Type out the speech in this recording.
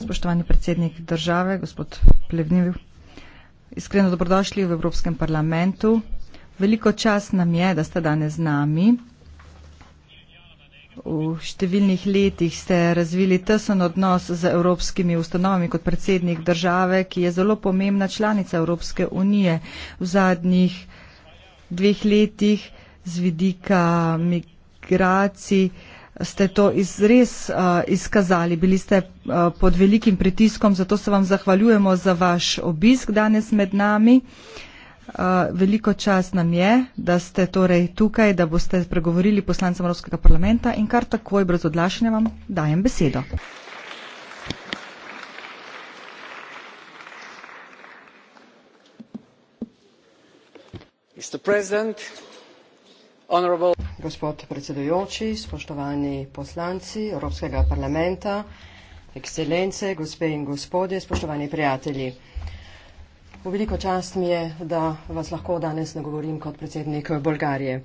Spoštovani predsednik države, gospod Plevnil, iskreno dobrodošli v Evropskem parlamentu. Veliko čas nam je, da ste danes z nami. V številnih letih ste razvili tesen odnos z evropskimi ustanovami kot predsednik države, ki je zelo pomembna članica Evropske unije v zadnjih dveh letih z vidika migracij. Uh, ste to izres uh, izkazali. Bili ste uh, pod velikim pritiskom, zato se vam zahvaljujemo za vaš obisk danes med nami. Uh, veliko čas nam je, da ste torej tukaj, da boste pregovorili poslancem Evropskega parlamenta in kar takoj brez odlašanja vam dajem besedo. Mr. President, Gospod predsedujoči, spoštovani poslanci Evropskega parlamenta, ekscelence, gospe in gospodje, spoštovani prijatelji. V veliko čast mi je, da vas lahko danes nagovorim kot predsednik Bolgarije.